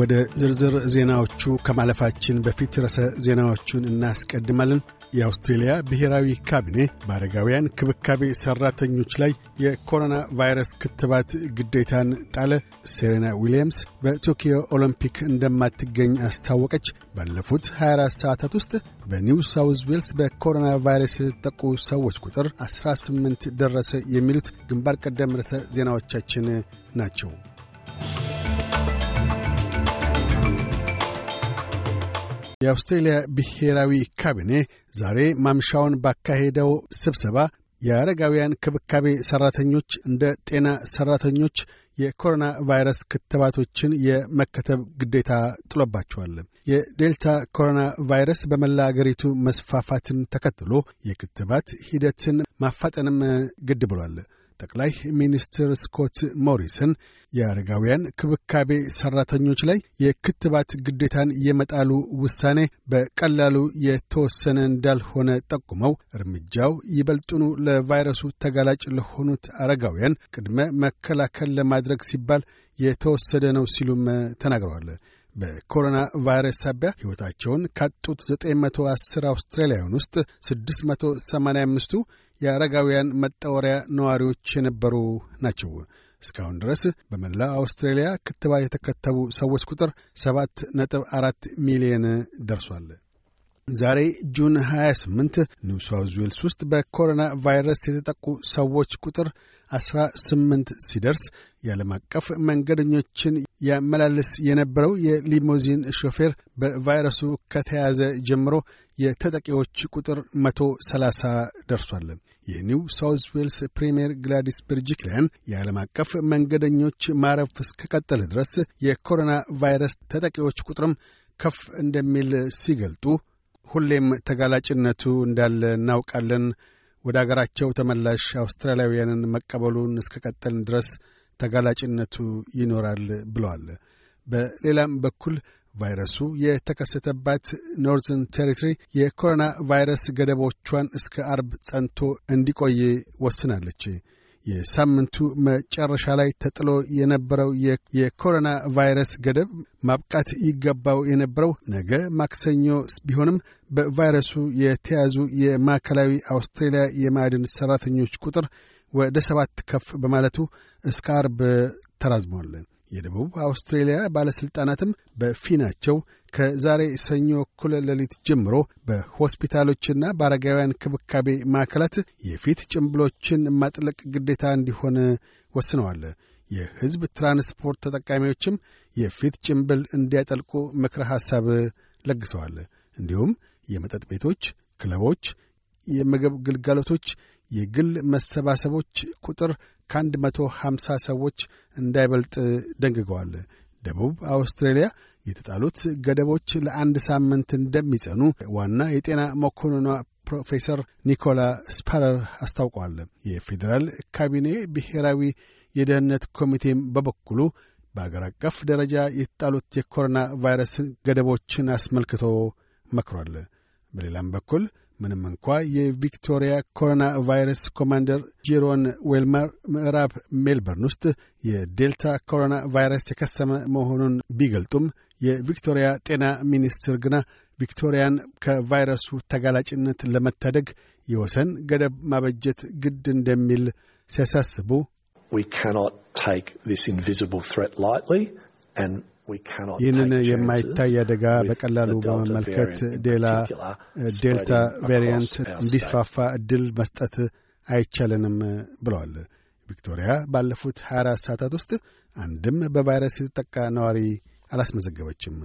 ወደ ዝርዝር ዜናዎቹ ከማለፋችን በፊት ርዕሰ ዜናዎቹን እናስቀድማለን። የአውስትሬልያ ብሔራዊ ካቢኔ በአረጋውያን ክብካቤ ሠራተኞች ላይ የኮሮና ቫይረስ ክትባት ግዴታን ጣለ። ሴሬና ዊልያምስ በቶኪዮ ኦሎምፒክ እንደማትገኝ አስታወቀች። ባለፉት 24 ሰዓታት ውስጥ በኒው ሳውዝ ዌልስ በኮሮና ቫይረስ የተጠቁ ሰዎች ቁጥር 18 ደረሰ። የሚሉት ግንባር ቀደም ርዕሰ ዜናዎቻችን ናቸው። የአውስትሬልያ ብሔራዊ ካቢኔ ዛሬ ማምሻውን ባካሄደው ስብሰባ የአረጋውያን ክብካቤ ሠራተኞች እንደ ጤና ሠራተኞች የኮሮና ቫይረስ ክትባቶችን የመከተብ ግዴታ ጥሎባቸዋል። የዴልታ ኮሮና ቫይረስ በመላ አገሪቱ መስፋፋትን ተከትሎ የክትባት ሂደትን ማፋጠንም ግድ ብሏል። ጠቅላይ ሚኒስትር ስኮት ሞሪሰን የአረጋውያን ክብካቤ ሰራተኞች ላይ የክትባት ግዴታን የመጣሉ ውሳኔ በቀላሉ የተወሰነ እንዳልሆነ ጠቁመው እርምጃው ይበልጡኑ ለቫይረሱ ተጋላጭ ለሆኑት አረጋውያን ቅድመ መከላከል ለማድረግ ሲባል የተወሰደ ነው ሲሉም ተናግረዋል። በኮሮና ቫይረስ ሳቢያ ሕይወታቸውን ካጡት 910 አውስትራሊያውያን ውስጥ 685ቱ የአረጋውያን መጣወሪያ ነዋሪዎች የነበሩ ናቸው። እስካሁን ድረስ በመላ አውስትራሊያ ክትባት የተከተቡ ሰዎች ቁጥር 7 4 ሚሊየን ደርሷል። ዛሬ ጁን 28 ኒው ሳውዝ ዌልስ ውስጥ በኮሮና ቫይረስ የተጠቁ ሰዎች ቁጥር 18 ሲደርስ የዓለም አቀፍ መንገደኞችን ያመላልስ የነበረው የሊሞዚን ሾፌር በቫይረሱ ከተያዘ ጀምሮ የተጠቂዎች ቁጥር 130 ደርሷል። የኒው ሳውዝ ዌልስ ፕሪምየር ግላዲስ በርጂክሊያን የዓለም አቀፍ መንገደኞች ማረፍ እስከቀጠለ ድረስ የኮሮና ቫይረስ ተጠቂዎች ቁጥርም ከፍ እንደሚል ሲገልጡ ሁሌም ተጋላጭነቱ እንዳለ እናውቃለን። ወደ አገራቸው ተመላሽ አውስትራሊያውያንን መቀበሉን እስከ ቀጠልን ድረስ ተጋላጭነቱ ይኖራል ብለዋል። በሌላም በኩል ቫይረሱ የተከሰተባት ኖርዘርን ቴሪቶሪ የኮሮና ቫይረስ ገደቦቿን እስከ አርብ ጸንቶ እንዲቆይ ወስናለች። የሳምንቱ መጨረሻ ላይ ተጥሎ የነበረው የኮሮና ቫይረስ ገደብ ማብቃት ይገባው የነበረው ነገ ማክሰኞ ቢሆንም በቫይረሱ የተያዙ የማዕከላዊ አውስትሬልያ የማዕድን ሠራተኞች ቁጥር ወደ ሰባት ከፍ በማለቱ እስከ አርብ ተራዝሟል። የደቡብ አውስትሬልያ ባለሥልጣናትም በፊናቸው ከዛሬ ሰኞ እኩለ ሌሊት ጀምሮ በሆስፒታሎችና በአረጋውያን ክብካቤ ማዕከላት የፊት ጭንብሎችን ማጥለቅ ግዴታ እንዲሆን ወስነዋል። የሕዝብ ትራንስፖርት ተጠቃሚዎችም የፊት ጭምብል እንዲያጠልቁ ምክረ ሐሳብ ለግሰዋል። እንዲሁም የመጠጥ ቤቶች፣ ክለቦች፣ የምግብ ግልጋሎቶች፣ የግል መሰባሰቦች ቁጥር ከአንድ መቶ ሃምሳ ሰዎች እንዳይበልጥ ደንግገዋል። ደቡብ አውስትራሊያ የተጣሉት ገደቦች ለአንድ ሳምንት እንደሚጸኑ ዋና የጤና መኮንኗ ፕሮፌሰር ኒኮላ ስፓረር አስታውቋል። የፌዴራል ካቢኔ ብሔራዊ የደህንነት ኮሚቴም በበኩሉ በአገር አቀፍ ደረጃ የተጣሉት የኮሮና ቫይረስ ገደቦችን አስመልክቶ መክሯል። በሌላም በኩል ምንም እንኳ የቪክቶሪያ ኮሮና ቫይረስ ኮማንደር ጄሮን ዌልመር ምዕራብ ሜልበርን ውስጥ የዴልታ ኮሮና ቫይረስ የከሰመ መሆኑን ቢገልጡም የቪክቶሪያ ጤና ሚኒስትር ግና ቪክቶሪያን ከቫይረሱ ተጋላጭነት ለመታደግ የወሰን ገደብ ማበጀት ግድ እንደሚል ሲያሳስቡ We cannot take this invisible threat lightly and ይህንን የማይታይ አደጋ በቀላሉ በመመልከት ሌላ ዴልታ eh, ቬሪያንት እንዲስፋፋ እድል መስጠት አይቻለንም ብለዋል። ቪክቶሪያ ባለፉት 24 ሰዓታት ውስጥ አንድም በቫይረስ የተጠቃ ነዋሪ አላስመዘገበችም።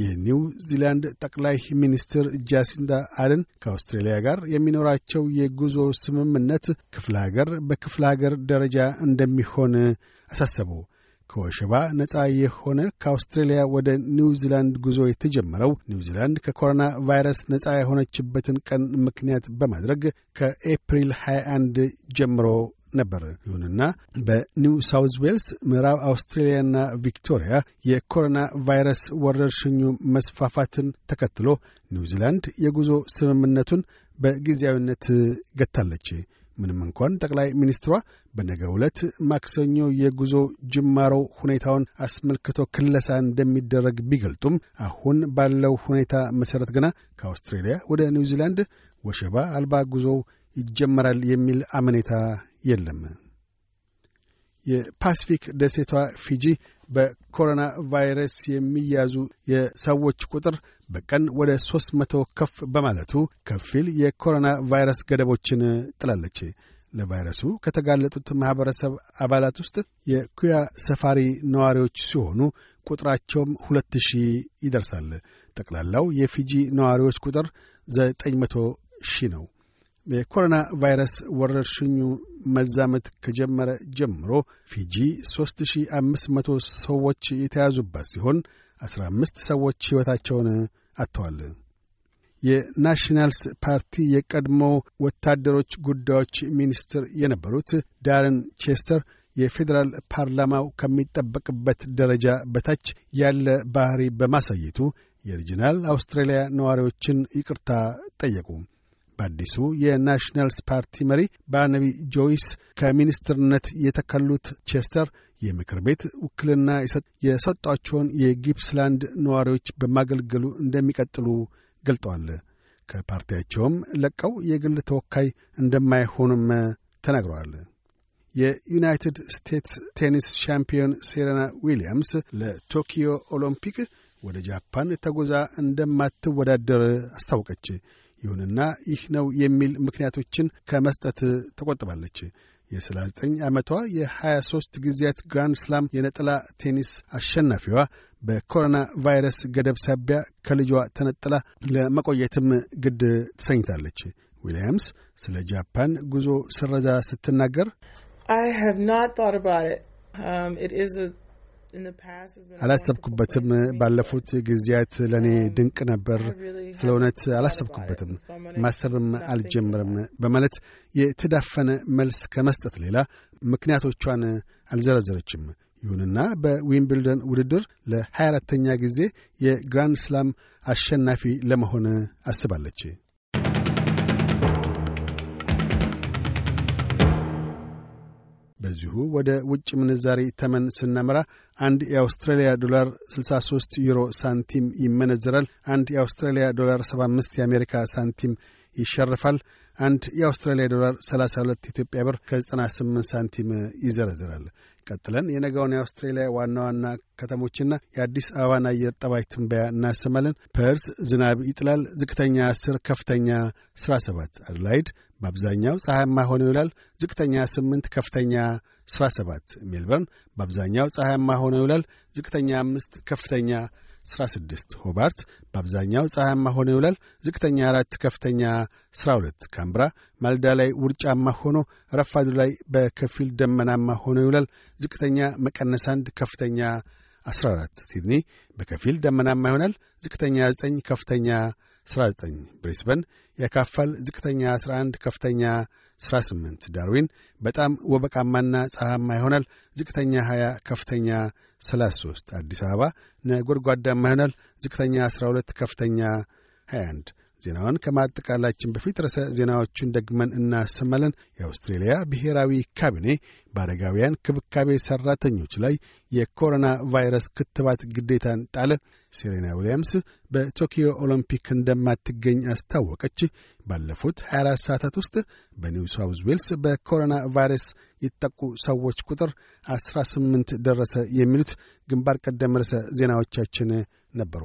የኒው ዚላንድ ጠቅላይ ሚኒስትር ጃሲንዳ አደን ከአውስትሬልያ ጋር የሚኖራቸው የጉዞ ስምምነት ክፍለ ሀገር በክፍለ ሀገር ደረጃ እንደሚሆን አሳሰቡ። ከወሸባ ነጻ የሆነ ከአውስትሬልያ ወደ ኒውዚላንድ ጉዞ የተጀመረው ኒውዚላንድ ከኮሮና ቫይረስ ነጻ የሆነችበትን ቀን ምክንያት በማድረግ ከኤፕሪል 21 ጀምሮ ነበር። ይሁንና በኒው ሳውዝ ዌልስ፣ ምዕራብ አውስትሬልያና ቪክቶሪያ የኮሮና ቫይረስ ወረርሽኙ መስፋፋትን ተከትሎ ኒውዚላንድ የጉዞ ስምምነቱን በጊዜያዊነት ገታለች። ምንም እንኳን ጠቅላይ ሚኒስትሯ በነገ ዕለት ማክሰኞ የጉዞ ጅማሮ ሁኔታውን አስመልክቶ ክለሳ እንደሚደረግ ቢገልጡም አሁን ባለው ሁኔታ መሠረት ግና ከአውስትሬልያ ወደ ኒውዚላንድ ወሸባ አልባ ጉዞ ይጀመራል የሚል አመኔታ የለም። የፓሲፊክ ደሴቷ ፊጂ በኮሮና ቫይረስ የሚያዙ የሰዎች ቁጥር በቀን ወደ ሦስት መቶ ከፍ በማለቱ ከፊል የኮሮና ቫይረስ ገደቦችን ጥላለች። ለቫይረሱ ከተጋለጡት ማኅበረሰብ አባላት ውስጥ የኩያ ሰፋሪ ነዋሪዎች ሲሆኑ ቁጥራቸውም ሁለት ሺህ ይደርሳል። ጠቅላላው የፊጂ ነዋሪዎች ቁጥር ዘጠኝ መቶ ሺህ ነው። የኮሮና ቫይረስ ወረርሽኙ መዛመት ከጀመረ ጀምሮ ፊጂ 3500 ሰዎች የተያዙባት ሲሆን 15 ሰዎች ሕይወታቸውን አጥተዋል። የናሽናልስ ፓርቲ የቀድሞ ወታደሮች ጉዳዮች ሚኒስትር የነበሩት ዳርን ቼስተር የፌዴራል ፓርላማው ከሚጠበቅበት ደረጃ በታች ያለ ባህሪ በማሳየቱ የሪጂናል አውስትራሊያ ነዋሪዎችን ይቅርታ ጠየቁ። በአዲሱ የናሽናልስ ፓርቲ መሪ በአነቢ ጆይስ ከሚኒስትርነት የተከሉት ቼስተር የምክር ቤት ውክልና የሰጧቸውን የጊፕስላንድ ነዋሪዎች በማገልገሉ እንደሚቀጥሉ ገልጠዋል። ከፓርቲያቸውም ለቀው የግል ተወካይ እንደማይሆኑም ተናግረዋል። የዩናይትድ ስቴትስ ቴኒስ ሻምፒዮን ሴሬና ዊሊያምስ ለቶኪዮ ኦሎምፒክ ወደ ጃፓን ተጉዛ እንደማትወዳደር አስታወቀች። ይሁንና ይህ ነው የሚል ምክንያቶችን ከመስጠት ተቆጥባለች። የ39 ዓመቷ የ23 ጊዜያት ግራንድ ስላም የነጠላ ቴኒስ አሸናፊዋ በኮሮና ቫይረስ ገደብ ሳቢያ ከልጇ ተነጥላ ለመቆየትም ግድ ትሰኝታለች። ዊልያምስ ስለ ጃፓን ጉዞ ስረዛ ስትናገር አላሰብኩበትም። ባለፉት ጊዜያት ለእኔ ድንቅ ነበር። ስለ እውነት አላሰብኩበትም፣ ማሰብም አልጀምርም በማለት የተዳፈነ መልስ ከመስጠት ሌላ ምክንያቶቿን አልዘረዘረችም። ይሁንና በዊምብልደን ውድድር ለ24ተኛ ጊዜ የግራንድ ስላም አሸናፊ ለመሆን አስባለች። በዚሁ ወደ ውጭ ምንዛሪ ተመን ስናመራ አንድ የአውስትራሊያ ዶላር 63 ዩሮ ሳንቲም ይመነዘራል። አንድ የአውስትራሊያ ዶላር 75 የአሜሪካ ሳንቲም ይሸርፋል። አንድ የአውስትራሊያ ዶላር 32 ኢትዮጵያ ብር ከ98 ሳንቲም ይዘረዝራል። ቀጥለን የነጋውን የአውስትሬሊያ ዋና ዋና ከተሞችና የአዲስ አበባን አየር ጠባይ ትንበያ እናሰማለን። ፐርስ ዝናብ ይጥላል። ዝቅተኛ 10፣ ከፍተኛ 17። አድላይድ በአብዛኛው ፀሐያማ ሆኖ ይውላል። ዝቅተኛ 8፣ ከፍተኛ 17። ሜልበርን በአብዛኛው ፀሐያማ ሆኖ ይውላል። ዝቅተኛ 5፣ ከፍተኛ 16። ሆባርት በአብዛኛው ፀሐያማ ሆኖ ይውላል። ዝቅተኛ 4፣ ከፍተኛ 12። ካምብራ ማልዳ ላይ ውርጫማ ሆኖ ረፋዱ ላይ በከፊል ደመናማ ሆኖ ይውላል። ዝቅተኛ መቀነስ 1፣ ከፍተኛ 14። ሲድኒ በከፊል ደመናማ ይሆናል። ዝቅተኛ 9፣ ከፍተኛ 19 ብሪስበን የካፈል ዝቅተኛ 11፣ ከፍተኛ 18። ዳርዊን በጣም ወበቃማና ፀሐማ ይሆናል። ዝቅተኛ 20፣ ከፍተኛ 33። አዲስ አበባ ነጎድጓዳማ ይሆናል። ዝቅተኛ 12፣ ከፍተኛ 21። ዜናውን ከማጠቃላችን በፊት ርዕሰ ዜናዎቹን ደግመን እናሰማለን። የአውስትሬልያ ብሔራዊ ካቢኔ በአረጋውያን ክብካቤ ሠራተኞች ላይ የኮሮና ቫይረስ ክትባት ግዴታን ጣለ። ሴሬና ዊልያምስ በቶኪዮ ኦሎምፒክ እንደማትገኝ አስታወቀች። ባለፉት 24 ሰዓታት ውስጥ በኒው ሳውዝ ዌልስ በኮሮና ቫይረስ የተጠቁ ሰዎች ቁጥር 18 ደረሰ። የሚሉት ግንባር ቀደም ርዕሰ ዜናዎቻችን ነበሩ።